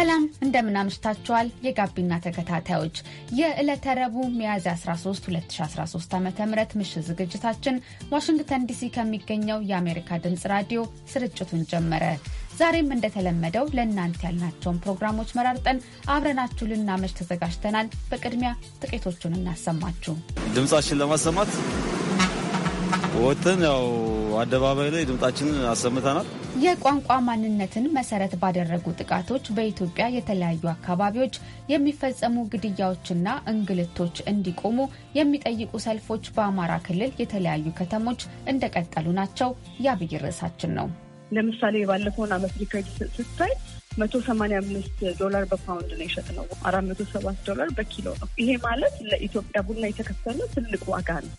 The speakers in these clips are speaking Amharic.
ሰላም እንደምን የጋቢና ተከታታዮች የዕለተ ረቡዕ ሚያዝያ 13 2013 ዓ ም ምሽት ዝግጅታችን ዋሽንግተን ዲሲ ከሚገኘው የአሜሪካ ድምፅ ራዲዮ ስርጭቱን ጀመረ ዛሬም እንደተለመደው ለእናንተ ያልናቸውን ፕሮግራሞች መራርጠን አብረናችሁ ልናመሽ ተዘጋጅተናል በቅድሚያ ጥቂቶቹን እናሰማችሁ ድምፃችን ለማሰማት ወትን ያው አደባባይ ላይ ድምጣችንን አሰምተናል። የቋንቋ ማንነትን መሰረት ባደረጉ ጥቃቶች በኢትዮጵያ የተለያዩ አካባቢዎች የሚፈጸሙ ግድያዎችና እንግልቶች እንዲቆሙ የሚጠይቁ ሰልፎች በአማራ ክልል የተለያዩ ከተሞች እንደቀጠሉ ናቸው። የአብይ ርዕሳችን ነው። ለምሳሌ ባለፈውን አመት ሪከርድ ስታይ መቶ አምስት ዶላር በፓውንድ ነው የሸጥ ነው። አራት መቶ ሰባት ዶላር በኪሎ ነው። ይሄ ማለት ለኢትዮጵያ ቡና የተከፈለ ትልቅ ዋጋ ነው።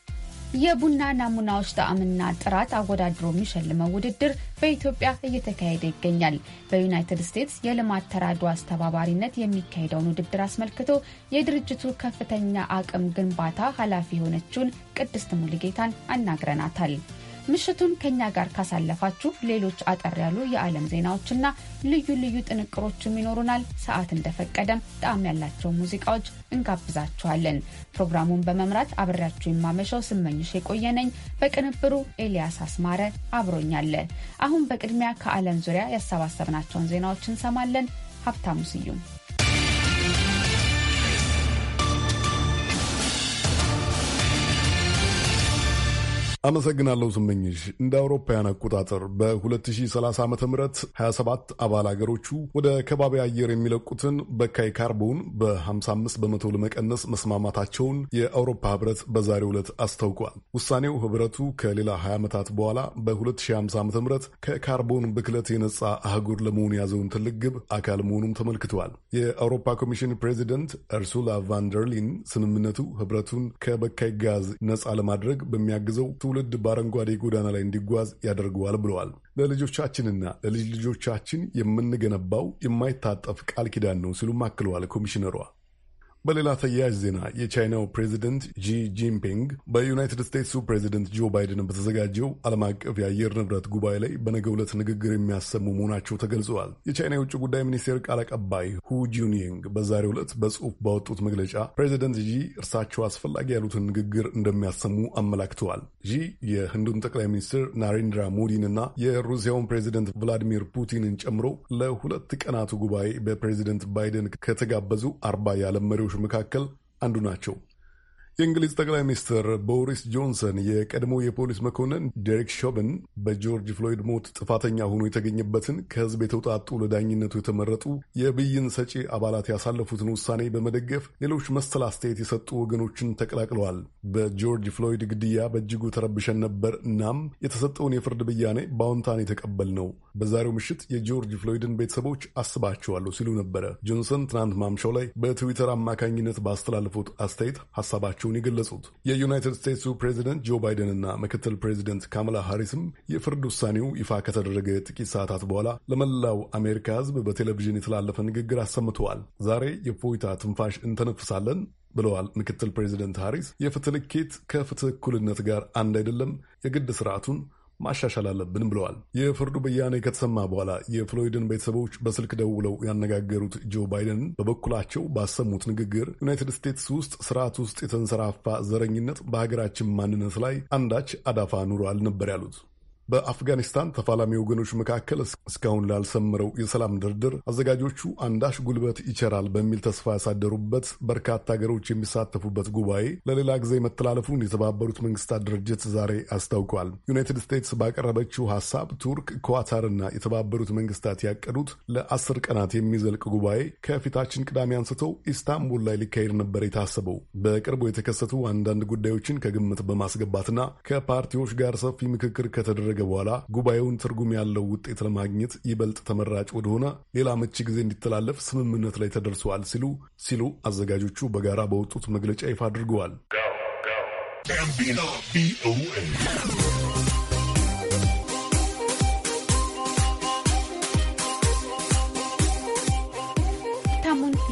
የቡና ናሙናዎች ጣዕምና ጥራት አወዳድሮ የሚሸልመው ውድድር በኢትዮጵያ እየተካሄደ ይገኛል። በዩናይትድ ስቴትስ የልማት ተራድኦ አስተባባሪነት የሚካሄደውን ውድድር አስመልክቶ የድርጅቱ ከፍተኛ አቅም ግንባታ ኃላፊ የሆነችውን ቅድስት ሙሉጌታን አናግረናታል። ምሽቱን ከእኛ ጋር ካሳለፋችሁ ሌሎች አጠር ያሉ የዓለም ዜናዎችና ልዩ ልዩ ጥንቅሮችም ይኖሩናል። ሰዓት እንደፈቀደም ጣዕም ያላቸው ሙዚቃዎች እንጋብዛችኋለን። ፕሮግራሙን በመምራት አብሬያችሁ የማመሸው ስመኝሽ የቆየነኝ፣ በቅንብሩ ኤልያስ አስማረ አብሮኛለ። አሁን በቅድሚያ ከዓለም ዙሪያ ያሰባሰብናቸውን ዜናዎች እንሰማለን። ሀብታሙ ስዩም አመሰግናለሁ ስመኝሽ። እንደ አውሮፓውያን አቆጣጠር በ2030 ዓ ም 27 አባል አገሮቹ ወደ ከባቢ አየር የሚለቁትን በካይ ካርቦን በ55 በመቶ ለመቀነስ መስማማታቸውን የአውሮፓ ህብረት በዛሬው ዕለት አስታውቋል። ውሳኔው ህብረቱ ከሌላ 20 ዓመታት በኋላ በ2050 ዓ ም ከካርቦን ብክለት የነጻ አህጉር ለመሆን የያዘውን ትልቅ ግብ አካል መሆኑም ተመልክተዋል። የአውሮፓ ኮሚሽን ፕሬዚደንት እርሱላ ቫንደርሊን ስምምነቱ ህብረቱን ከበካይ ጋዝ ነጻ ለማድረግ በሚያግዘው ትውልድ በአረንጓዴ ጎዳና ላይ እንዲጓዝ ያደርገዋል ብለዋል። ለልጆቻችንና ለልጅ ልጆቻችን የምንገነባው የማይታጠፍ ቃል ኪዳን ነው ሲሉም አክለዋል ኮሚሽነሯ። በሌላ ተያያዥ ዜና የቻይናው ፕሬዚደንት ጂ ጂንፒንግ በዩናይትድ ስቴትሱ ፕሬዚደንት ጆ ባይደን በተዘጋጀው ዓለም አቀፍ የአየር ንብረት ጉባኤ ላይ በነገው ዕለት ንግግር የሚያሰሙ መሆናቸው ተገልጸዋል። የቻይና የውጭ ጉዳይ ሚኒስቴር ቃል አቀባይ ሁ ጁንየንግ በዛሬው ዕለት በጽሑፍ ባወጡት መግለጫ ፕሬዚደንት ጂ እርሳቸው አስፈላጊ ያሉትን ንግግር እንደሚያሰሙ አመላክተዋል። ጂ የህንዱን ጠቅላይ ሚኒስትር ናሬንድራ ሞዲንና የሩሲያውን ፕሬዚደንት ቭላዲሚር ፑቲንን ጨምሮ ለሁለት ቀናቱ ጉባኤ በፕሬዚደንት ባይደን ከተጋበዙ አርባ የዓለም መሪዎች መካከል አንዱ ናቸው። የእንግሊዝ ጠቅላይ ሚኒስትር ቦሪስ ጆንሰን የቀድሞ የፖሊስ መኮንን ዴሪክ ሾብን በጆርጅ ፍሎይድ ሞት ጥፋተኛ ሆኖ የተገኘበትን ከህዝብ የተውጣጡ ለዳኝነቱ የተመረጡ የብይን ሰጪ አባላት ያሳለፉትን ውሳኔ በመደገፍ ሌሎች መሰል አስተያየት የሰጡ ወገኖችን ተቀላቅለዋል። በጆርጅ ፍሎይድ ግድያ በእጅጉ ተረብሸን ነበር። እናም የተሰጠውን የፍርድ ብያኔ በአዎንታን የተቀበል ነው። በዛሬው ምሽት የጆርጅ ፍሎይድን ቤተሰቦች አስባቸዋለሁ ሲሉ ነበረ ጆንሰን ትናንት ማምሻው ላይ በትዊተር አማካኝነት ባስተላለፉት አስተያየት ሀሳባቸው። መሆናቸውን የገለጹት የዩናይትድ ስቴትሱ ፕሬዚደንት ጆ ባይደንና ምክትል ፕሬዚደንት ካማላ ሃሪስም የፍርድ ውሳኔው ይፋ ከተደረገ ጥቂት ሰዓታት በኋላ ለመላው አሜሪካ ሕዝብ በቴሌቪዥን የተላለፈ ንግግር አሰምተዋል። ዛሬ የፎይታ ትንፋሽ እንተነፍሳለን ብለዋል። ምክትል ፕሬዚደንት ሃሪስ የፍትህ ልኬት ከፍትህ እኩልነት ጋር አንድ አይደለም፣ የግድ ስርዓቱን ማሻሻል አለብን ብለዋል። የፍርዱ ብያኔ ከተሰማ በኋላ የፍሎይድን ቤተሰቦች በስልክ ደውለው ያነጋገሩት ጆ ባይደን በበኩላቸው ባሰሙት ንግግር ዩናይትድ ስቴትስ ውስጥ ስርዓት ውስጥ የተንሰራፋ ዘረኝነት በሀገራችን ማንነት ላይ አንዳች አዳፋ ኑሯል ነበር ያሉት። በአፍጋኒስታን ተፋላሚ ወገኖች መካከል እስካሁን ላልሰምረው የሰላም ድርድር አዘጋጆቹ አንዳች ጉልበት ይቸራል በሚል ተስፋ ያሳደሩበት በርካታ ሀገሮች የሚሳተፉበት ጉባኤ ለሌላ ጊዜ መተላለፉን የተባበሩት መንግስታት ድርጅት ዛሬ አስታውቋል። ዩናይትድ ስቴትስ ባቀረበችው ሀሳብ ቱርክ፣ ኳታርና የተባበሩት መንግስታት ያቀዱት ለአስር ቀናት የሚዘልቅ ጉባኤ ከፊታችን ቅዳሜ አንስቶ ኢስታንቡል ላይ ሊካሄድ ነበር የታሰበው። በቅርቡ የተከሰቱ አንዳንድ ጉዳዮችን ከግምት በማስገባትና ከፓርቲዎች ጋር ሰፊ ምክክር ከተደረገ በኋላ ጉባኤውን ትርጉም ያለው ውጤት ለማግኘት ይበልጥ ተመራጭ ወደሆነ ሌላ መቼ ጊዜ እንዲተላለፍ ስምምነት ላይ ተደርሰዋል ሲሉ ሲሉ አዘጋጆቹ በጋራ በወጡት መግለጫ ይፋ አድርገዋል።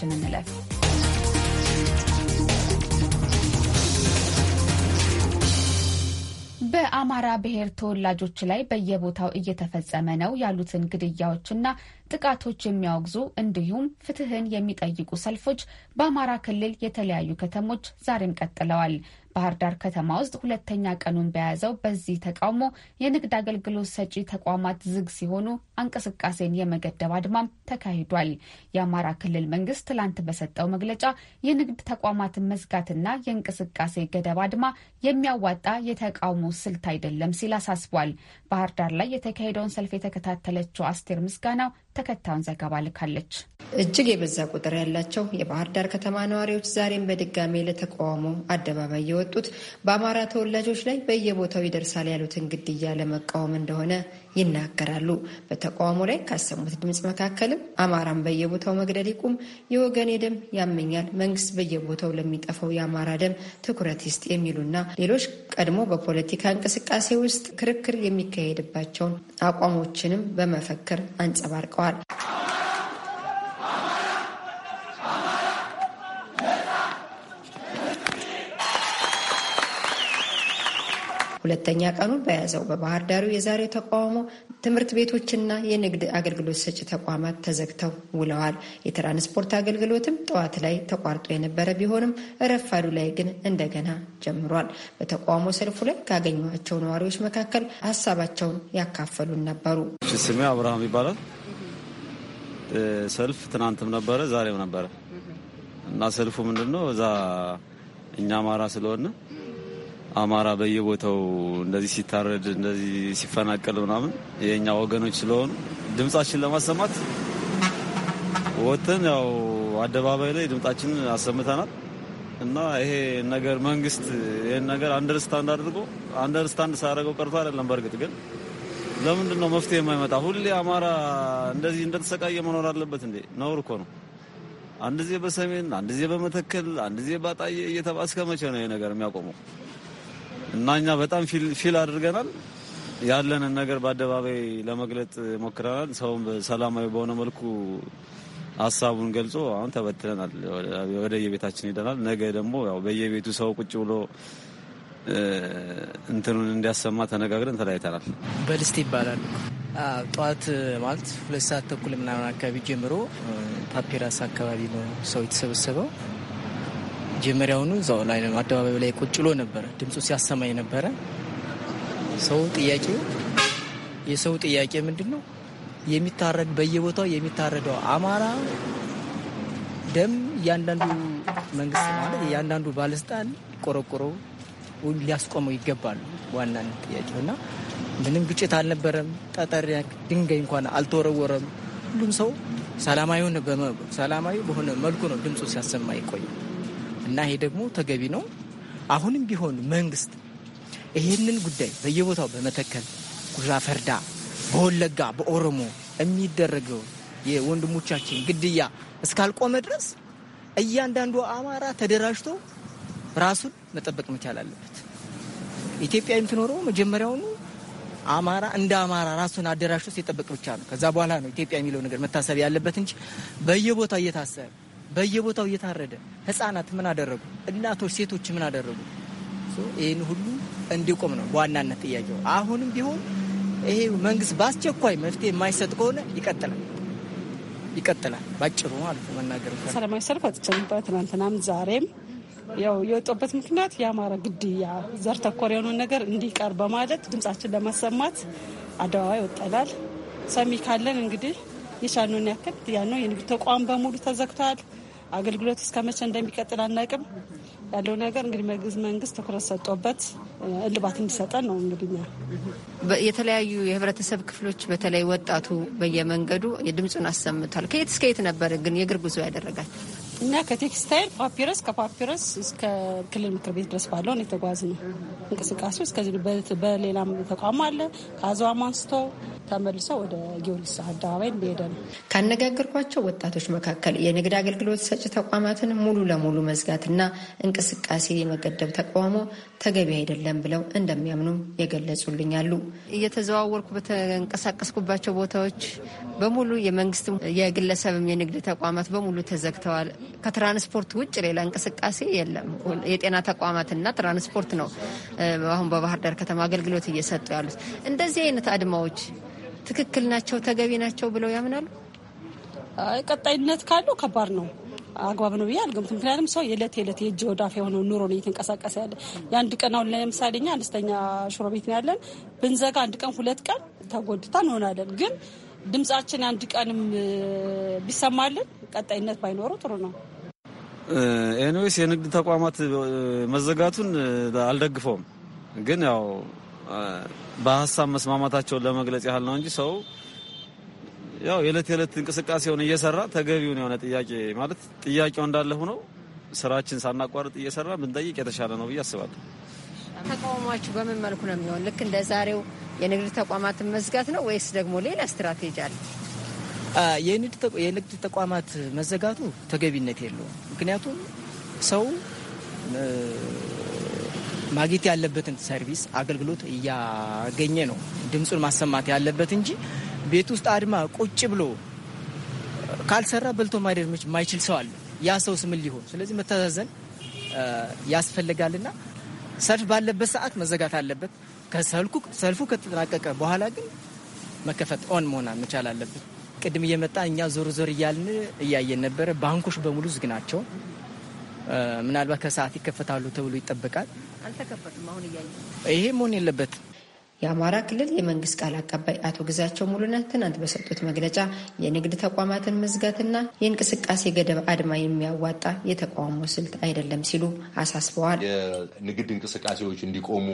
ዝግጅታችን እንለፍ። በአማራ ብሔር ተወላጆች ላይ በየቦታው እየተፈጸመ ነው ያሉትን ግድያዎችና ጥቃቶች የሚያወግዙ እንዲሁም ፍትህን የሚጠይቁ ሰልፎች በአማራ ክልል የተለያዩ ከተሞች ዛሬም ቀጥለዋል። ባህር ዳር ከተማ ውስጥ ሁለተኛ ቀኑን በያዘው በዚህ ተቃውሞ የንግድ አገልግሎት ሰጪ ተቋማት ዝግ ሲሆኑ እንቅስቃሴን የመገደብ አድማም ተካሂዷል። የአማራ ክልል መንግስት ትላንት በሰጠው መግለጫ የንግድ ተቋማትን መዝጋትና የእንቅስቃሴ ገደብ አድማ የሚያዋጣ የተቃውሞ ስልት አይደለም ሲል አሳስቧል። ባህር ዳር ላይ የተካሄደውን ሰልፍ የተከታተለችው አስቴር ምስጋናው ተከታዩን ዘገባ ልካለች። እጅግ የበዛ ቁጥር ያላቸው የባህር ዳር ከተማ ነዋሪዎች ዛሬም በድጋሜ ለተቃውሞ አደባባይ የወጡት በአማራ ተወላጆች ላይ በየቦታው ይደርሳል ያሉትን ግድያ ለመቃወም እንደሆነ ይናገራሉ። በተቃውሞ ላይ ካሰሙት ድምፅ መካከልም አማራን በየቦታው መግደል ይቁም፣ የወገኔ ደም ያመኛል፣ መንግስት በየቦታው ለሚጠፋው የአማራ ደም ትኩረት ይስጥ የሚሉና ሌሎች ቀድሞ በፖለቲካ እንቅስቃሴ ውስጥ ክርክር የሚካሄድባቸውን አቋሞችንም በመፈክር አንጸባርቀዋል። ሁለተኛ ቀኑን በያዘው በባህር ዳሩ የዛሬ ተቃውሞ ትምህርት ቤቶችና የንግድ አገልግሎት ሰጪ ተቋማት ተዘግተው ውለዋል። የትራንስፖርት አገልግሎትም ጠዋት ላይ ተቋርጦ የነበረ ቢሆንም ረፋዱ ላይ ግን እንደገና ጀምሯል። በተቃውሞ ሰልፉ ላይ ካገኟቸው ነዋሪዎች መካከል ሀሳባቸውን ያካፈሉን ነበሩ። ስሜ አብርሃም ይባላል። ሰልፍ ትናንትም ነበረ፣ ዛሬም ነበረ እና ሰልፉ ምንድን ነው እዛ እኛ አማራ ስለሆነ አማራ በየቦታው እንደዚህ ሲታረድ እንደዚህ ሲፈናቀል ምናምን የእኛ ወገኖች ስለሆኑ ድምጻችን ለማሰማት ወጥተን ያው አደባባይ ላይ ድምጻችንን አሰምተናል እና ይሄ ነገር መንግስት ይህን ነገር አንደርስታንድ አድርጎ አንደርስታንድ ሳያደርገው ቀርቶ አይደለም። በእርግጥ ግን ለምንድን ነው መፍትሄ የማይመጣ? ሁሌ አማራ እንደዚህ እንደተሰቃየ መኖር አለበት እንዴ? ነውር እኮ ነው። አንድ ጊዜ በሰሜን አንድ ጊዜ በመተከል አንድ ጊዜ ባጣዬ እየተባስከ መቼ ነው ይሄ ነገር የሚያቆመው? እና እኛ በጣም ፊል አድርገናል። ያለንን ነገር በአደባባይ ለመግለጥ ሞክረናል። ሰውም በሰላማዊ በሆነ መልኩ ሀሳቡን ገልጾ አሁን ተበትለናል፣ ወደ የቤታችን ሄደናል። ነገ ደግሞ ያው በየቤቱ ሰው ቁጭ ብሎ እንትኑን እንዲያሰማ ተነጋግረን ተለያይተናል። በልስት ይባላል። ጠዋት ማለት ሁለት ሰዓት ተኩል ምናምን አካባቢ ጀምሮ ፓፒራስ አካባቢ ነው ሰው የተሰበሰበው መጀመሪያውኑ እዛው ላይ አደባባዩ ላይ ቁጭሎ ነበረ ድምፁ ሲያሰማኝ ነበረ። ሰው ጥያቄ የሰው ጥያቄ ምንድን ነው? የሚታረድ በየቦታው የሚታረደው አማራ ደም እያንዳንዱ መንግስት ማለት እያንዳንዱ ባለስልጣን ቆረቆሮ ሊያስቆመው ይገባሉ። ዋና ጥያቄው እና ምንም ግጭት አልነበረም። ጠጠር ድንጋይ እንኳን አልተወረወረም። ሁሉም ሰው ሰላማዊ በሆነ መልኩ ነው ድምፁ ሲያሰማ ይቆያል። እና ይሄ ደግሞ ተገቢ ነው። አሁንም ቢሆን መንግስት ይህንን ጉዳይ በየቦታው በመተከል ጉራ ፈርዳ፣ በወለጋ በኦሮሞ የሚደረገው የወንድሞቻችን ግድያ እስካልቆመ ድረስ እያንዳንዱ አማራ ተደራጅቶ ራሱን መጠበቅ መቻል አለበት። ኢትዮጵያ የምትኖረው መጀመሪያውኑ አማራ እንደ አማራ ራሱን አደራጅቶ ሲጠበቅ ብቻ ነው። ከዛ በኋላ ነው ኢትዮጵያ የሚለው ነገር መታሰብ ያለበት እንጂ በየቦታ እየታሰበ በየቦታው እየታረደ ህጻናት ምን አደረጉ? እናቶች፣ ሴቶች ምን አደረጉ? ይህን ሁሉ እንዲቆም ነው በዋናነት ጥያቄው። አሁንም ቢሆን ይሄ መንግስት በአስቸኳይ መፍትሄ የማይሰጥ ከሆነ ይቀጥላል ይቀጥላል። ባጭሩ ማለት ነው መናገር ሰላማዊ ሰልፍ ወጥቼ ነበር ትናንትናም ዛሬም። ያው የወጡበት ምክንያት የአማራ ግድያ ዘር ተኮር የሆነውን ነገር እንዲቀር በማለት ድምጻችን ለማሰማት አደባባይ ወጠናል። ሰሚ ካለን እንግዲህ የቻልነውን ያክል ያነው የንግድ ተቋም በሙሉ ተዘግቷል። አገልግሎት እስከ መቼ እንደሚቀጥል አናቅም። ያለው ነገር እንግዲህ መንግስት ትኩረት ሰጥቶበት እልባት እንዲሰጠን ነው። እንግዲህ የተለያዩ የህብረተሰብ ክፍሎች በተለይ ወጣቱ በየመንገዱ ድምፁን አሰምቷል። ከየት እስከየት ነበር ግን የእግር ጉዞ ያደረጋል? እና ከቴክስታይል ፓፒረስ ከፓፒረስ እስከ ክልል ምክር ቤት ድረስ ባለውን የተጓዝ ነው እንቅስቃሴ እስከዚህ። በሌላም ተቋም አለ። ከአዘዋም አንስቶ ተመልሶ ወደ ጊዮርጊስ አደባባይ እንደሄደ ነው። ካነጋገርኳቸው ወጣቶች መካከል የንግድ አገልግሎት ሰጪ ተቋማትን ሙሉ ለሙሉ መዝጋትና እንቅስቃሴ የመገደብ ተቃውሞ ተገቢ አይደለም ብለው እንደሚያምኑ የገለጹልኝ አሉ። እየተዘዋወርኩ በተንቀሳቀስኩባቸው ቦታዎች በሙሉ የመንግስት የግለሰብም የንግድ ተቋማት በሙሉ ተዘግተዋል። ከትራንስፖርት ውጭ ሌላ እንቅስቃሴ የለም። የጤና ተቋማትና ትራንስፖርት ነው አሁን በባህር ዳር ከተማ አገልግሎት እየሰጡ ያሉት። እንደዚህ አይነት አድማዎች ትክክል ናቸው፣ ተገቢ ናቸው ብለው ያምናሉ? ቀጣይነት ካለው ከባድ ነው አግባብ ነው ብዬ አልገምትም። ምክንያቱም ሰው የዕለት የዕለት የእጅ ወዳፍ የሆነው ኑሮ ነው እየተንቀሳቀሰ ያለ። የአንድ ቀን አሁን ለምሳሌ እኛ አነስተኛ ሽሮ ቤት ነው ያለን። ብንዘጋ አንድ ቀን ሁለት ቀን ተጎድታ እንሆናለን። ግን ድምጻችን አንድ ቀንም ቢሰማልን ቀጣይነት ባይኖረው ጥሩ ነው። ኤኒዌይስ የንግድ ተቋማት መዘጋቱን አልደግፈውም፣ ግን ያው በሀሳብ መስማማታቸውን ለመግለጽ ያህል ነው እንጂ ሰው ያው የዕለት የዕለት እንቅስቃሴውን እየሰራ ተገቢውን የሆነ ጥያቄ ማለት ጥያቄው እንዳለ ሆኖ ስራችን ሳናቋርጥ እየሰራ ብንጠይቅ የተሻለ ነው ብዬ አስባለሁ። ተቃውሟችሁ በምን መልኩ ነው የሚሆን? ልክ እንደ ዛሬው የንግድ ተቋማትን መዝጋት ነው ወይስ ደግሞ ሌላ ስትራቴጂ አለ? የንግድ ተቋማት መዘጋቱ ተገቢነት የለውም። ምክንያቱም ሰው ማግኘት ያለበትን ሰርቪስ አገልግሎት እያገኘ ነው። ድምፁን ማሰማት ያለበት እንጂ ቤት ውስጥ አድማ ቁጭ ብሎ ካልሰራ በልቶ ማደር የማይችል ሰው አለ። ያ ሰው ስምን ሊሆን? ስለዚህ መተዛዘን ያስፈልጋልና ሰልፍ ባለበት ሰዓት መዘጋት አለበት። ከሰልኩ ሰልፉ ከተጠናቀቀ በኋላ ግን መከፈት ኦን መሆን መቻል አለበት። ቅድም እየመጣ እኛ ዞር ዞር እያልን እያየን ነበረ። ባንኮች በሙሉ ዝግ ናቸው። ምናልባት ከሰዓት ይከፈታሉ ተብሎ ይጠበቃል። አልተከፈቱም። አሁን እያየ ይሄ መሆን የለበትም። የአማራ ክልል የመንግስት ቃል አቀባይ አቶ ግዛቸው ሙሉነህ ትናንት በሰጡት መግለጫ የንግድ ተቋማትን መዝጋትና የእንቅስቃሴ ገደብ አድማ የሚያዋጣ የተቃውሞ ስልት አይደለም ሲሉ አሳስበዋል። የንግድ እንቅስቃሴዎች እንዲቆሙ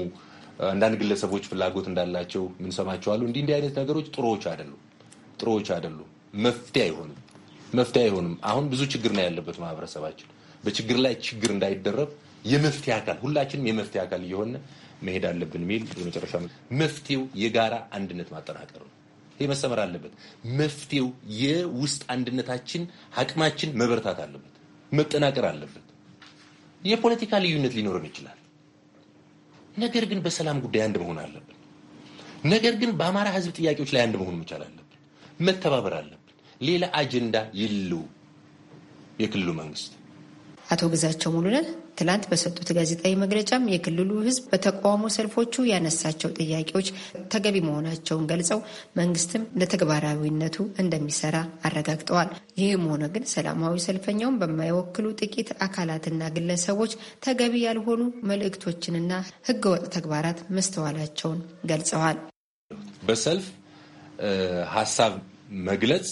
አንዳንድ ግለሰቦች ፍላጎት እንዳላቸው ምንሰማቸው አሉ። እንዲህ እንዲህ አይነት ነገሮች ጥሩዎች አይደሉም፣ ጥሩዎች አይደሉም። መፍትሄ አይሆንም፣ መፍትሄ አይሆንም። አሁን ብዙ ችግር ነው ያለበት ማህበረሰባችን። በችግር ላይ ችግር እንዳይደረብ የመፍትሄ አካል ሁላችንም የመፍትሄ አካል እየሆነ መሄድ አለብን የሚል የመጨረሻ መፍትሄው የጋራ አንድነት ማጠናቀር ነው። ይህ መሰመር አለበት። መፍትሄው የውስጥ አንድነታችን አቅማችን መበርታት አለበት፣ መጠናቀር አለበት። የፖለቲካ ልዩነት ሊኖረን ይችላል። ነገር ግን በሰላም ጉዳይ አንድ መሆን አለብን። ነገር ግን በአማራ ሕዝብ ጥያቄዎች ላይ አንድ መሆን መቻል አለብን። መተባበር አለብን። ሌላ አጀንዳ የለው የክልሉ መንግስት አቶ ግዛቸው ሙሉነን ትላንት በሰጡት ጋዜጣዊ መግለጫም የክልሉ ሕዝብ በተቃውሞ ሰልፎቹ ያነሳቸው ጥያቄዎች ተገቢ መሆናቸውን ገልጸው መንግስትም ለተግባራዊነቱ እንደሚሰራ አረጋግጠዋል። ይህም ሆነ ግን ሰላማዊ ሰልፈኛውን በማይወክሉ ጥቂት አካላትና ግለሰቦች ተገቢ ያልሆኑ መልእክቶችንና ሕገወጥ ተግባራት መስተዋላቸውን ገልጸዋል። በሰልፍ ሀሳብ መግለጽ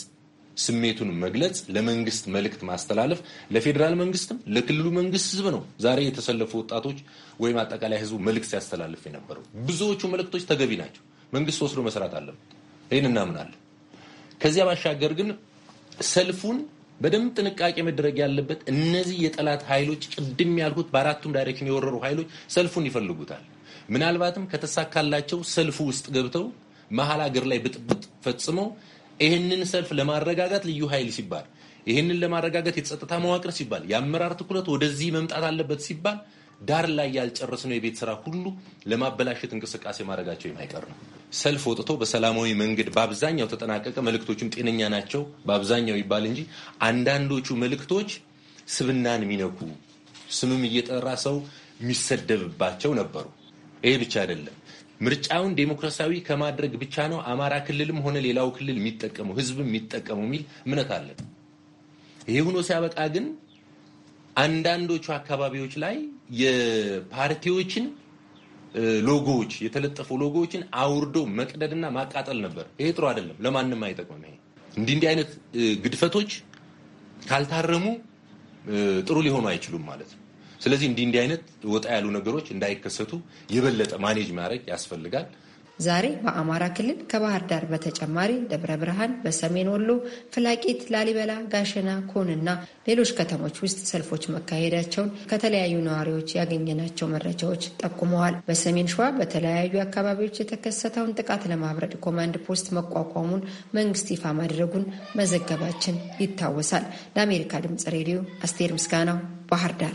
ስሜቱን መግለጽ፣ ለመንግስት መልእክት ማስተላለፍ፣ ለፌዴራል መንግስትም ለክልሉ መንግስት ህዝብ ነው። ዛሬ የተሰለፉ ወጣቶች ወይም አጠቃላይ ህዝቡ መልእክት ሲያስተላልፍ የነበረው ብዙዎቹ መልእክቶች ተገቢ ናቸው። መንግስት ወስዶ መስራት አለበት። ይህን እናምናለን። ከዚያ ባሻገር ግን ሰልፉን በደንብ ጥንቃቄ መደረግ ያለበት እነዚህ የጠላት ኃይሎች ቅድም ያልኩት በአራቱም ዳይሬክሽን የወረሩ ኃይሎች ሰልፉን ይፈልጉታል። ምናልባትም ከተሳካላቸው ሰልፉ ውስጥ ገብተው መሀል ሀገር ላይ ብጥብጥ ፈጽመው ይህንን ሰልፍ ለማረጋጋት ልዩ ኃይል ሲባል ይህንን ለማረጋጋት የጸጥታ መዋቅር ሲባል የአመራር ትኩረት ወደዚህ መምጣት አለበት ሲባል ዳር ላይ ያልጨረስነው የቤት ስራ ሁሉ ለማበላሸት እንቅስቃሴ ማድረጋቸው የማይቀር ነው። ሰልፍ ወጥቶ በሰላማዊ መንገድ በአብዛኛው ተጠናቀቀ። መልእክቶቹም ጤነኛ ናቸው በአብዛኛው ይባል እንጂ አንዳንዶቹ መልእክቶች ስብናን የሚነኩ ስምም እየጠራ ሰው የሚሰደብባቸው ነበሩ። ይሄ ብቻ አይደለም። ምርጫውን ዴሞክራሲያዊ ከማድረግ ብቻ ነው አማራ ክልልም ሆነ ሌላው ክልል የሚጠቀመው ህዝብ የሚጠቀመው የሚል እምነት አለን። ይህ ሆኖ ሲያበቃ ግን አንዳንዶቹ አካባቢዎች ላይ የፓርቲዎችን ሎጎዎች የተለጠፉ ሎጎዎችን አውርዶ መቅደድና ማቃጠል ነበር። ይሄ ጥሩ አይደለም፣ ለማንም አይጠቅምም። ይሄ እንዲህ እንዲህ አይነት ግድፈቶች ካልታረሙ ጥሩ ሊሆኑ አይችሉም ማለት ነው። ስለዚህ እንዲህ እንዲህ አይነት ወጣ ያሉ ነገሮች እንዳይከሰቱ የበለጠ ማኔጅ ማድረግ ያስፈልጋል። ዛሬ በአማራ ክልል ከባህር ዳር በተጨማሪ ደብረ ብርሃን፣ በሰሜን ወሎ ፍላቂት፣ ላሊበላ፣ ጋሸና፣ ኮን እና ሌሎች ከተሞች ውስጥ ሰልፎች መካሄዳቸውን ከተለያዩ ነዋሪዎች ያገኘናቸው መረጃዎች ጠቁመዋል። በሰሜን ሸዋ በተለያዩ አካባቢዎች የተከሰተውን ጥቃት ለማብረድ ኮማንድ ፖስት መቋቋሙን መንግስት ይፋ ማድረጉን መዘገባችን ይታወሳል። ለአሜሪካ ድምጽ ሬዲዮ አስቴር ምስጋናው ባህር ዳር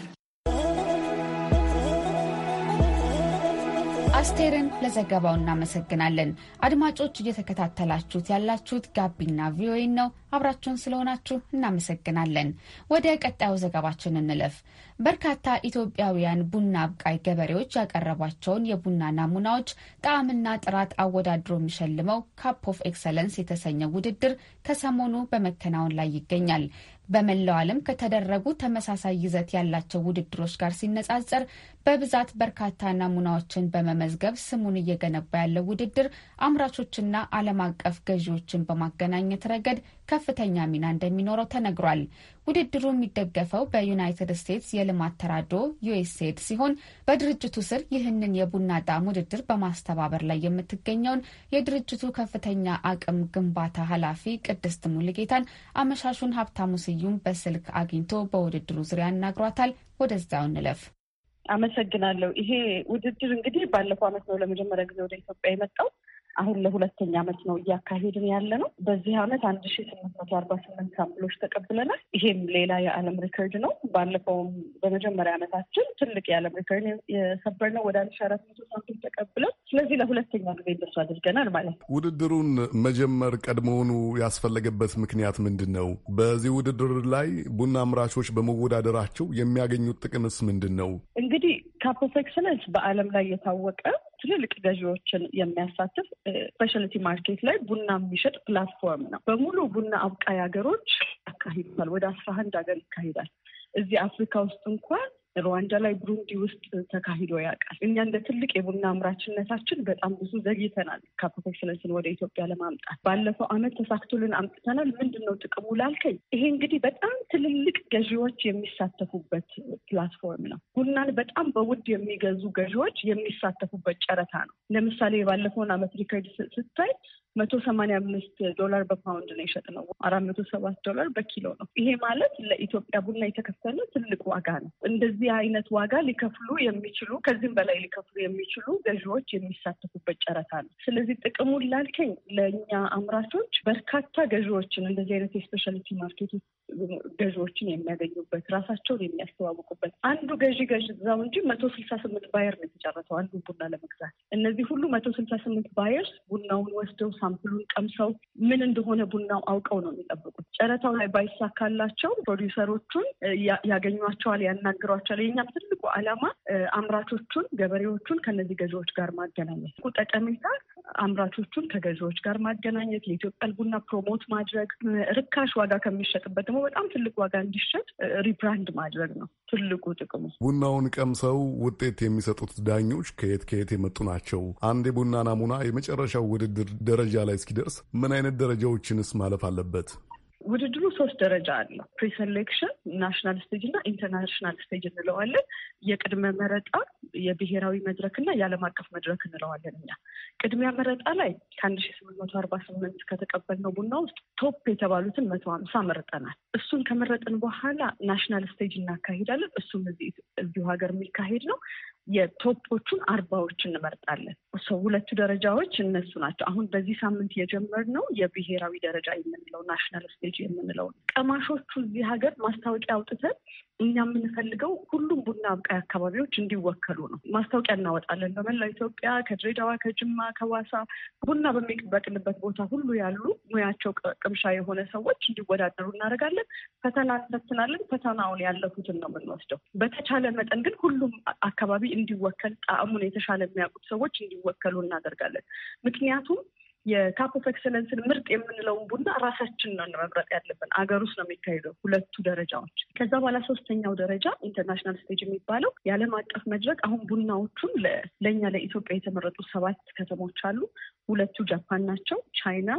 አስቴርን ለዘገባው እናመሰግናለን። አድማጮች እየተከታተላችሁት ያላችሁት ጋቢና ቪኦኤ ነው። አብራችሁን ስለሆናችሁ እናመሰግናለን። ወደ ቀጣዩ ዘገባችን እንለፍ። በርካታ ኢትዮጵያውያን ቡና አብቃይ ገበሬዎች ያቀረቧቸውን የቡና ናሙናዎች ጣዕምና ጥራት አወዳድሮ የሚሸልመው ካፕ ኦፍ ኤክሰለንስ የተሰኘው ውድድር ከሰሞኑ በመከናወን ላይ ይገኛል። በመላው ዓለም ከተደረጉ ተመሳሳይ ይዘት ያላቸው ውድድሮች ጋር ሲነጻጸር በብዛት በርካታ ናሙናዎችን በመመዝገብ ስሙን እየገነባ ያለው ውድድር አምራቾችና ዓለም አቀፍ ገዢዎችን በማገናኘት ረገድ ከፍተኛ ሚና እንደሚኖረው ተነግሯል። ውድድሩ የሚደገፈው በዩናይትድ ስቴትስ የልማት ተራድኦ ዩኤስኤድ ሲሆን በድርጅቱ ስር ይህንን የቡና ጣዕም ውድድር በማስተባበር ላይ የምትገኘውን የድርጅቱ ከፍተኛ አቅም ግንባታ ኃላፊ ቅድስት ሙልጌታን አመሻሹን ሀብታሙ ስዩም በስልክ አግኝቶ በውድድሩ ዙሪያ አናግሯታል። ወደዛው እንለፍ። አመሰግናለሁ። ይሄ ውድድር እንግዲህ ባለፈው ዓመት ነው ለመጀመሪያ ጊዜ ወደ ኢትዮጵያ የመጣው። አሁን ለሁለተኛ ዓመት ነው እያካሄድን ያለ ነው። በዚህ አመት አንድ ሺ ስምንት መቶ አርባ ስምንት ሳምፕሎች ተቀብለናል። ይሄም ሌላ የዓለም ሪከርድ ነው። ባለፈውም በመጀመሪያ ዓመታችን ትልቅ የዓለም ሪከርድ የሰበር ነው። ወደ አንድ ሺ አራት መቶ ሳምፕል ተቀብለን፣ ስለዚህ ለሁለተኛ ጊዜ እንደሱ አድርገናል ማለት ነው። ውድድሩን መጀመር ቀድሞውኑ ያስፈለገበት ምክንያት ምንድን ነው? በዚህ ውድድር ላይ ቡና አምራቾች በመወዳደራቸው የሚያገኙት ጥቅምስ ምንድን ነው? እንግዲህ ካፕ ኦፍ ኤክሰለንስ በዓለም ላይ የታወቀ ትልልቅ ገዢዎችን የሚያሳትፍ ስፔሻሊቲ ማርኬት ላይ ቡና የሚሸጥ ፕላትፎርም ነው። በሙሉ ቡና አብቃይ ሀገሮች ያካሂዱታል። ወደ አስራ አንድ ሀገር ይካሄዳል። እዚህ አፍሪካ ውስጥ እንኳን ሩዋንዳ ላይ ብሩንዲ ውስጥ ተካሂዶ ያውቃል። እኛ እንደ ትልቅ የቡና አምራችነታችን በጣም ብዙ ዘግይተናል። ካፕ ኤክሰለንስን ወደ ኢትዮጵያ ለማምጣት ባለፈው አመት ተሳክቶልን አምጥተናል። ምንድን ነው ጥቅሙ ላልከኝ፣ ይሄ እንግዲህ በጣም ትልልቅ ገዢዎች የሚሳተፉበት ፕላትፎርም ነው። ቡናን በጣም በውድ የሚገዙ ገዢዎች የሚሳተፉበት ጨረታ ነው። ለምሳሌ ባለፈውን አመት ሪከርድ ስታይ መቶ ሰማኒያ አምስት ዶላር በፓውንድ ነው ነው። አራት መቶ ሰባት ዶላር በኪሎ ነው። ይሄ ማለት ለኢትዮጵያ ቡና የተከፈለ ትልቅ ዋጋ ነው። እንደዚህ አይነት ዋጋ ሊከፍሉ የሚችሉ ከዚህም በላይ ሊከፍሉ የሚችሉ ገዢዎች የሚሳተፉበት ጨረታ ነው። ስለዚህ ጥቅሙን ላልከኝ ለእኛ አምራቾች በርካታ ገዢዎችን እንደዚህ አይነት የስፔሻሊቲ ማርኬት ገዢዎችን የሚያገኙበት ራሳቸውን የሚያስተዋውቁበት አንዱ ገዢ ገዛው እንጂ መቶ ስልሳ ስምንት ባየር ነው የተጨረሰው አንዱ ቡና ለመግዛት እነዚህ ሁሉ መቶ ስልሳ ስምንት ባየርስ ቡናውን ወስደው ሳምፕሉን ቀምሰው ምን እንደሆነ ቡናው አውቀው ነው የሚጠብቁት። ጨረታው ላይ ባይሳካላቸው ፕሮዲውሰሮቹን ያገኟቸዋል፣ ያናግሯቸዋል። የኛም ትልቁ ዓላማ አምራቾቹን፣ ገበሬዎቹን ከነዚህ ገዢዎች ጋር ማገናኘት ጠቀሜታ አምራቾቹን ከገዢዎች ጋር ማገናኘት፣ የኢትዮጵያን ቡና ፕሮሞት ማድረግ፣ ርካሽ ዋጋ ከሚሸጥበት ደግሞ በጣም ትልቅ ዋጋ እንዲሸጥ ሪብራንድ ማድረግ ነው ትልቁ ጥቅሙ። ቡናውን ቀምሰው ውጤት የሚሰጡት ዳኞች ከየት ከየት የመጡ ናቸው? አንድ የቡና ናሙና የመጨረሻው ውድድር ደረጃ ደረጃ ላይ እስኪደርስ ምን አይነት ደረጃዎችንስ ማለፍ አለበት? ውድድሩ ሶስት ደረጃ አለው። ፕሪሴሌክሽን፣ ናሽናል ስቴጅ እና ኢንተርናሽናል ስቴጅ እንለዋለን። የቅድመ መረጣ የብሔራዊ መድረክ እና የዓለም አቀፍ መድረክ እንለዋለን እኛ። ቅድሚያ መረጣ ላይ ከአንድ ሺ ስምንት መቶ አርባ ስምንት ከተቀበልነው ቡና ውስጥ ቶፕ የተባሉትን መቶ ሀምሳ መርጠናል። እሱን ከመረጥን በኋላ ናሽናል ስቴጅ እናካሂዳለን። እሱም እዚሁ ሀገር የሚካሄድ ነው። የቶፖቹን አርባዎች እንመርጣለን። ሰው ሁለቱ ደረጃዎች እነሱ ናቸው። አሁን በዚህ ሳምንት የጀመርነው የብሔራዊ ደረጃ የምንለው ናሽናል ስቴጅ የምንለው ቀማሾቹ እዚህ ሀገር ማስታወቂያ አውጥተን እኛ የምንፈልገው ሁሉም ቡና አብቃይ አካባቢዎች እንዲወከሉ ነው። ማስታወቂያ እናወጣለን። በመላው ኢትዮጵያ ከድሬዳዋ፣ ከጅማ፣ ከዋሳ ቡና በሚበቅልበት ቦታ ሁሉ ያሉ ሙያቸው ቅምሻ የሆነ ሰዎች እንዲወዳደሩ እናደርጋለን። ፈተና እንፈትናለን። ፈተናውን ያለፉትን ነው የምንወስደው። በተቻለ መጠን ግን ሁሉም አካባቢ እንዲወከል ጣዕሙን የተሻለ የሚያውቁት ሰዎች እንዲወከሉ እናደርጋለን። ምክንያቱም የካፕ ኦፍ ኤክሰለንስን ምርጥ የምንለውን ቡና ራሳችን ነው መምረጥ ያለብን። አገር ውስጥ ነው የሚካሄደው ሁለቱ ደረጃዎች። ከዛ በኋላ ሶስተኛው ደረጃ ኢንተርናሽናል ስቴጅ የሚባለው የዓለም አቀፍ መድረክ። አሁን ቡናዎቹን ለእኛ ለኢትዮጵያ የተመረጡ ሰባት ከተሞች አሉ። ሁለቱ ጃፓን ናቸው፣ ቻይና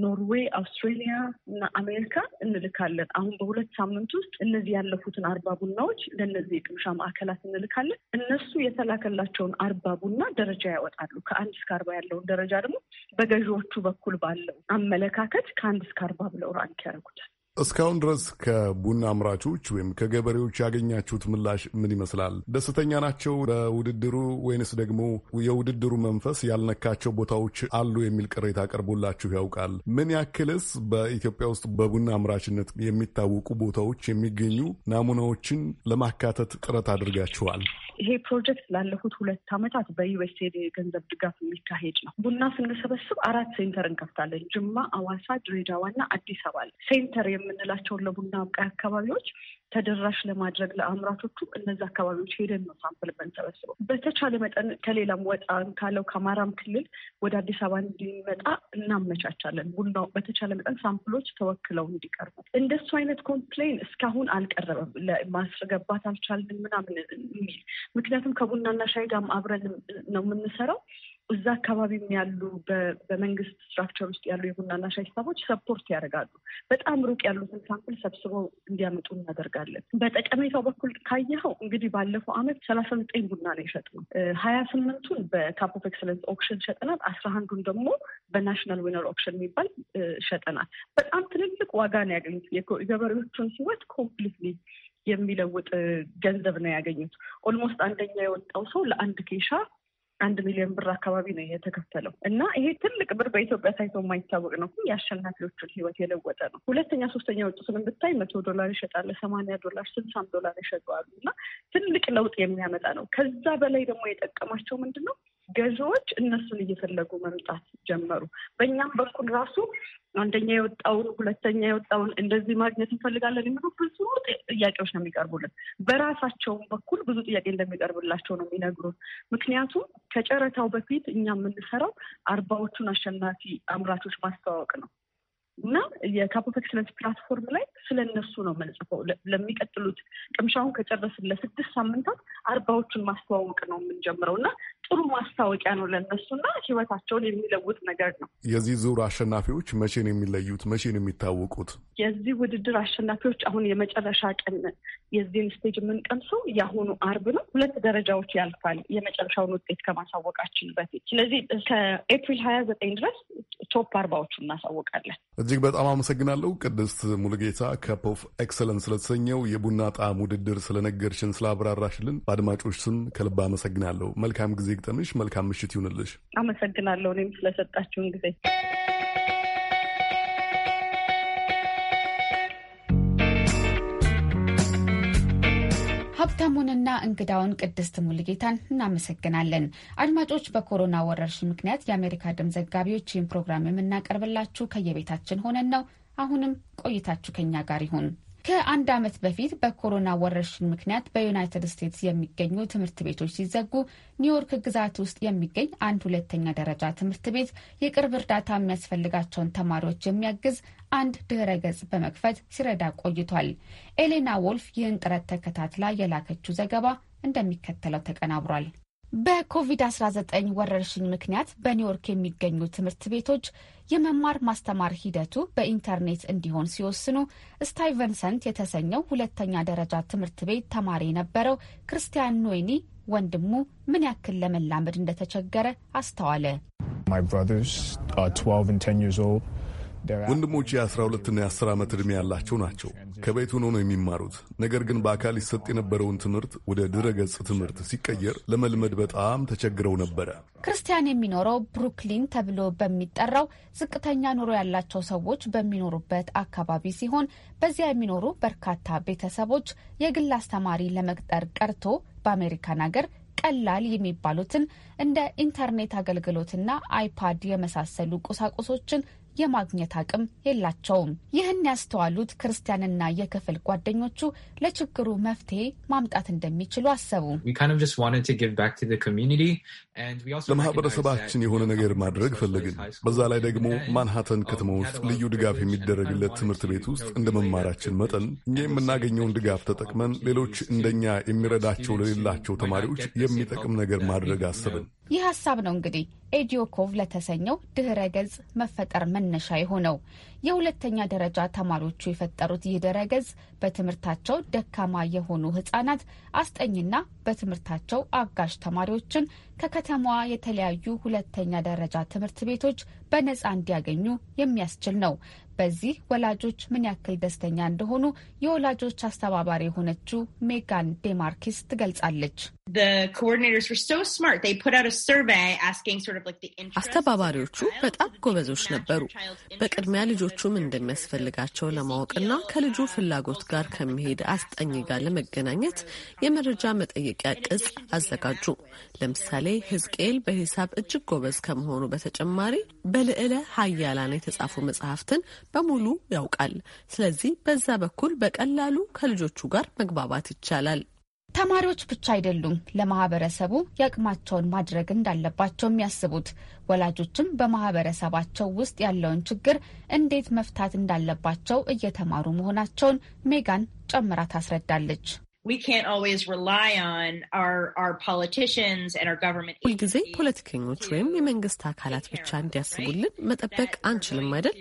ኖርዌይ፣ አውስትሬሊያ እና አሜሪካ እንልካለን። አሁን በሁለት ሳምንት ውስጥ እነዚህ ያለፉትን አርባ ቡናዎች ለእነዚህ የቅምሻ ማዕከላት እንልካለን። እነሱ የተላከላቸውን አርባ ቡና ደረጃ ያወጣሉ። ከአንድ እስከ አርባ ያለውን ደረጃ ደግሞ በገዢዎቹ በኩል ባለው አመለካከት ከአንድ እስከ አርባ ብለው ራንክ ያደርጉታል። እስካሁን ድረስ ከቡና አምራቾች ወይም ከገበሬዎች ያገኛችሁት ምላሽ ምን ይመስላል? ደስተኛ ናቸው በውድድሩ ወይንስ ደግሞ የውድድሩ መንፈስ ያልነካቸው ቦታዎች አሉ የሚል ቅሬታ ቀርቦላችሁ ያውቃል? ምን ያክልስ በኢትዮጵያ ውስጥ በቡና አምራችነት የሚታወቁ ቦታዎች የሚገኙ ናሙናዎችን ለማካተት ጥረት አድርጋችኋል? ይሄ ፕሮጀክት ላለፉት ሁለት ዓመታት በዩኤስኤድ የገንዘብ ድጋፍ የሚካሄድ ነው። ቡና ስንሰበስብ አራት ሴንተር እንከፍታለን። ጅማ፣ አዋሳ፣ ድሬዳዋና አዲስ አበባ ሴንተር የምንላቸውን ለቡና አብቃይ አካባቢዎች ተደራሽ ለማድረግ ለአምራቾቹ እነዚ አካባቢዎች ሄደን ነው ሳምፕል የምንሰበስበው። በተቻለ መጠን ከሌላም ወጣ ካለው ከአማራም ክልል ወደ አዲስ አበባ እንዲመጣ እናመቻቻለን። ቡናው በተቻለ መጠን ሳምፕሎች ተወክለው እንዲቀርቡ። እንደሱ አይነት ኮምፕሌን እስካሁን አልቀረበም፣ ለማስገባት አልቻልንም ምናምን የሚል ምክንያቱም ከቡናና ሻይ ጋርም አብረን ነው የምንሰራው እዛ አካባቢም ያሉ በመንግስት ስትራክቸር ውስጥ ያሉ የቡናና ሻይ ሂሳቦች ሰፖርት ያደርጋሉ። በጣም ሩቅ ያሉትን ሳምፕል ሰብስበው እንዲያመጡ እናደርጋለን። በጠቀሜታው በኩል ካየኸው እንግዲህ ባለፈው ዓመት ሰላሳ ዘጠኝ ቡና ነው የሸጥነው። ሀያ ስምንቱን በካፕ ኦፍ ኤክሰለንስ ኦክሽን ሸጠናል። አስራ አንዱን ደግሞ በናሽናል ዊነር ኦክሽን የሚባል ሸጠናል። በጣም ትልልቅ ዋጋ ነው ያገኙት። የገበሬዎቹን ህይወት ኮምፕሊትሊ የሚለውጥ ገንዘብ ነው ያገኙት። ኦልሞስት አንደኛ የወጣው ሰው ለአንድ ኬሻ አንድ ሚሊዮን ብር አካባቢ ነው የተከፈለው እና ይሄ ትልቅ ብር በኢትዮጵያ ታይቶ የማይታወቅ ነው። የአሸናፊዎችን ህይወት የለወጠ ነው። ሁለተኛ ሶስተኛ የወጡትን ብታይ መቶ ዶላር ይሸጣል፣ ሰማንያ ዶላር ስልሳም ዶላር ይሸጠዋሉ እና ትልቅ ለውጥ የሚያመጣ ነው። ከዛ በላይ ደግሞ የጠቀማቸው ምንድን ነው ገዢዎች እነሱን እየፈለጉ መምጣት ጀመሩ። በእኛም በኩል ራሱ አንደኛ የወጣውን ሁለተኛ የወጣውን እንደዚህ ማግኘት እንፈልጋለን የሚሉ ብዙ ጥያቄዎች ነው የሚቀርቡልን። በራሳቸውም በኩል ብዙ ጥያቄ እንደሚቀርብላቸው ነው የሚነግሩት። ምክንያቱም ከጨረታው በፊት እኛ የምንሰራው አርባዎቹን አሸናፊ አምራቾች ማስተዋወቅ ነው እና የካፕ ኤክሰለንስ ፕላትፎርም ላይ ስለ እነሱ ነው የምንጽፈው። ለሚቀጥሉት ቅምሻውን ከጨረስን ለስድስት ሳምንታት አርባዎቹን ማስተዋወቅ ነው የምንጀምረው እና ጥሩ ማስታወቂያ ነው ለነሱና ህይወታቸውን የሚለውጥ ነገር ነው። የዚህ ዙር አሸናፊዎች መቼ ነው የሚለዩት? መቼ ነው የሚታወቁት? የዚህ ውድድር አሸናፊዎች አሁን የመጨረሻ ቀን የዚህን ስቴጅ የምንቀምሰው የአሁኑ አርብ ነው። ሁለት ደረጃዎች ያልፋል የመጨረሻውን ውጤት ከማሳወቃችን በፊት። ስለዚህ ከኤፕሪል ሀያ ዘጠኝ ድረስ ቶፕ አርባዎቹ እናሳወቃለን። እጅግ በጣም አመሰግናለሁ ቅድስት ሙሉጌታ ካፕ ኦፍ ኤክሰለንስ ስለተሰኘው የቡና ጣዕም ውድድር ስለነገርሽን ስላብራራሽልን በአድማጮች ስም ከልብ አመሰግናለሁ። መልካም ጊዜ ስለመገጠምሽ መልካም ምሽት ይሁንልሽ። አመሰግናለሁ እኔም ስለሰጣችሁን ጊዜ። ሀብታሙንና እንግዳውን ቅድስት ሙልጌታን እናመሰግናለን። አድማጮች፣ በኮሮና ወረርሽኝ ምክንያት የአሜሪካ ድምፅ ዘጋቢዎች ይህን ፕሮግራም የምናቀርብላችሁ ከየቤታችን ሆነን ነው። አሁንም ቆይታችሁ ከኛ ጋር ይሁን። ከአንድ ዓመት በፊት በኮሮና ወረርሽኝ ምክንያት በዩናይትድ ስቴትስ የሚገኙ ትምህርት ቤቶች ሲዘጉ ኒውዮርክ ግዛት ውስጥ የሚገኝ አንድ ሁለተኛ ደረጃ ትምህርት ቤት የቅርብ እርዳታ የሚያስፈልጋቸውን ተማሪዎች የሚያግዝ አንድ ድህረ ገጽ በመክፈት ሲረዳ ቆይቷል። ኤሌና ወልፍ ይህን ጥረት ተከታትላ የላከችው ዘገባ እንደሚከተለው ተቀናብሯል። በኮቪድ-19 ወረርሽኝ ምክንያት በኒውዮርክ የሚገኙ ትምህርት ቤቶች የመማር ማስተማር ሂደቱ በኢንተርኔት እንዲሆን ሲወስኑ ስታይቨንሰንት የተሰኘው ሁለተኛ ደረጃ ትምህርት ቤት ተማሪ የነበረው ክርስቲያን ኖይኒ ወንድሙ ምን ያክል ለመላመድ እንደተቸገረ አስተዋለ። My brothers are 12 and 10 years old. ወንድሞቼ የ 12 የአስር 10 ዓመት ዕድሜ ያላቸው ናቸው። ከቤት ሆኖ ነው የሚማሩት። ነገር ግን በአካል ይሰጥ የነበረውን ትምህርት ወደ ድረገጽ ትምህርት ሲቀየር ለመልመድ በጣም ተቸግረው ነበረ። ክርስቲያን የሚኖረው ብሩክሊን ተብሎ በሚጠራው ዝቅተኛ ኑሮ ያላቸው ሰዎች በሚኖሩበት አካባቢ ሲሆን በዚያ የሚኖሩ በርካታ ቤተሰቦች የግል አስተማሪ ለመቅጠር ቀርቶ በአሜሪካን አገር ቀላል የሚባሉትን እንደ ኢንተርኔት አገልግሎትና አይፓድ የመሳሰሉ ቁሳቁሶችን የማግኘት አቅም የላቸውም። ይህን ያስተዋሉት ክርስቲያንና የክፍል ጓደኞቹ ለችግሩ መፍትሄ ማምጣት እንደሚችሉ አሰቡ። ለማህበረሰባችን የሆነ ነገር ማድረግ ፈለግን። በዛ ላይ ደግሞ ማንሃተን ከተማ ውስጥ ልዩ ድጋፍ የሚደረግለት ትምህርት ቤት ውስጥ እንደ መማራችን መጠን እኛ የምናገኘውን ድጋፍ ተጠቅመን ሌሎች እንደኛ የሚረዳቸው ለሌላቸው ተማሪዎች የሚጠቅም ነገር ማድረግ አሰብን። ይህ ሀሳብ ነው እንግዲህ ኤዲዮኮቭ ለተሰኘው ድህረ ገጽ መፈጠር መነሻ የሆነው። የሁለተኛ ደረጃ ተማሪዎቹ የፈጠሩት ይህ ድረ ገጽ በትምህርታቸው ደካማ የሆኑ ህጻናት አስጠኝና በትምህርታቸው አጋዥ ተማሪዎችን ከከተማዋ የተለያዩ ሁለተኛ ደረጃ ትምህርት ቤቶች በነጻ እንዲያገኙ የሚያስችል ነው። በዚህ ወላጆች ምን ያክል ደስተኛ እንደሆኑ የወላጆች አስተባባሪ የሆነችው ሜጋን ዴማርኪስ ትገልጻለች። the coordinators were so አስተባባሪዎቹ በጣም ጎበዞች ነበሩ። በቅድሚያ ልጆቹ ምን እንደሚያስፈልጋቸው ለማወቅና ከልጁ uh, ፍላጎት ጋር ከሚሄድ አስጠኝ ጋር ለመገናኘት የመረጃ መጠየቂያ ቅጽ አዘጋጁ። uh, ለምሳሌ ሕዝቅኤል በሂሳብ እጅግ ጎበዝ ከመሆኑ በተጨማሪ በልዕለ ሀያላን የተጻፉ መጽሐፍትን በሙሉ ያውቃል። ስለዚህ በዛ በኩል በቀላሉ ከልጆቹ ጋር መግባባት ይቻላል። ተማሪዎች ብቻ አይደሉም ለማህበረሰቡ የአቅማቸውን ማድረግ እንዳለባቸው የሚያስቡት። ወላጆችም በማህበረሰባቸው ውስጥ ያለውን ችግር እንዴት መፍታት እንዳለባቸው እየተማሩ መሆናቸውን ሜጋን ጨምራ ታስረዳለች። we can't always rely on our, our politicians and our government. ሁልጊዜ ፖለቲከኞች ወይም የመንግስት አካላት ብቻ እንዲያስቡልን መጠበቅ አንችልም አይደል?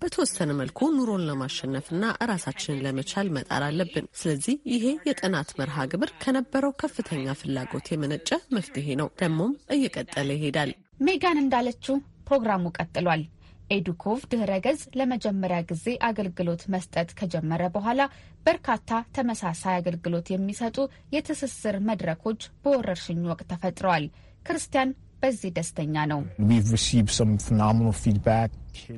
በተወሰነ መልኩ ኑሮን ለማሸነፍና ራሳችንን ለመቻል መጣር አለብን። ስለዚህ ይሄ የጥናት መርሃ ግብር ከነበረው ከፍተኛ ፍላጎት የመነጨ መፍትሄ ነው፣ ደግሞም እየቀጠለ ይሄዳል። ሜጋን እንዳለችው ፕሮግራሙ ቀጥሏል። ኤዱኮቭ ድህረ ገጽ ለመጀመሪያ ጊዜ አገልግሎት መስጠት ከጀመረ በኋላ በርካታ ተመሳሳይ አገልግሎት የሚሰጡ የትስስር መድረኮች በወረርሽኝ ወቅት ተፈጥረዋል። ክርስቲያን በዚህ ደስተኛ ነው።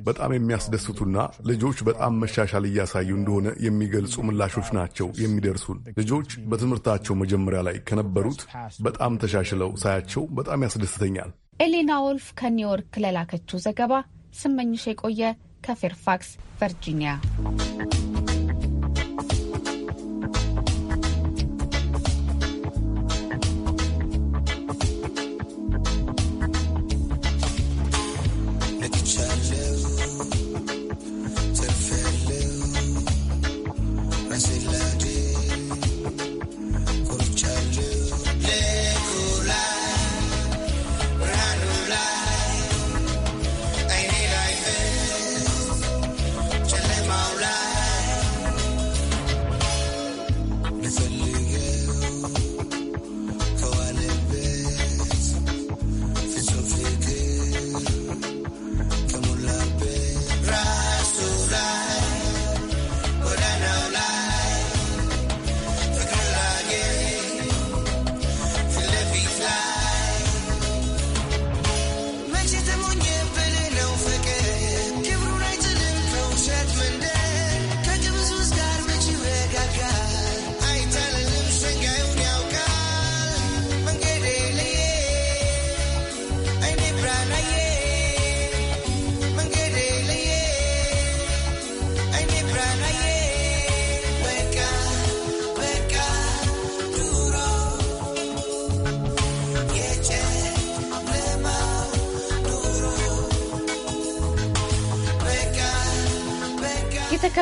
በጣም የሚያስደስቱና ልጆች በጣም መሻሻል እያሳዩ እንደሆነ የሚገልጹ ምላሾች ናቸው የሚደርሱን። ልጆች በትምህርታቸው መጀመሪያ ላይ ከነበሩት በጣም ተሻሽለው ሳያቸው በጣም ያስደስተኛል። ኤሌና ወልፍ ከኒውዮርክ ለላከችው ዘገባ ስመኝሽ የቆየ ከፌርፋክስ ቨርጂኒያ። Tell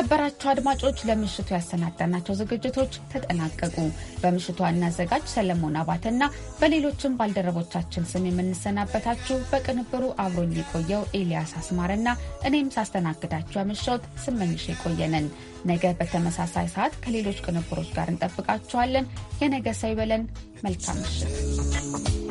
የተከበራችሁ አድማጮች ለምሽቱ ያሰናዳናቸው ዝግጅቶች ተጠናቀቁ። በምሽቱ አናዘጋጅ ሰለሞን አባተና በሌሎችም ባልደረቦቻችን ስም የምንሰናበታችሁ በቅንብሩ አብሮኝ የቆየው ኤልያስ አስማርና እኔም ሳስተናግዳችሁ ያመሻውት ስመኝሽ የቆየነን ነገ በተመሳሳይ ሰዓት ከሌሎች ቅንብሮች ጋር እንጠብቃችኋለን። የነገ ሰው ይበለን። መልካም ምሽት።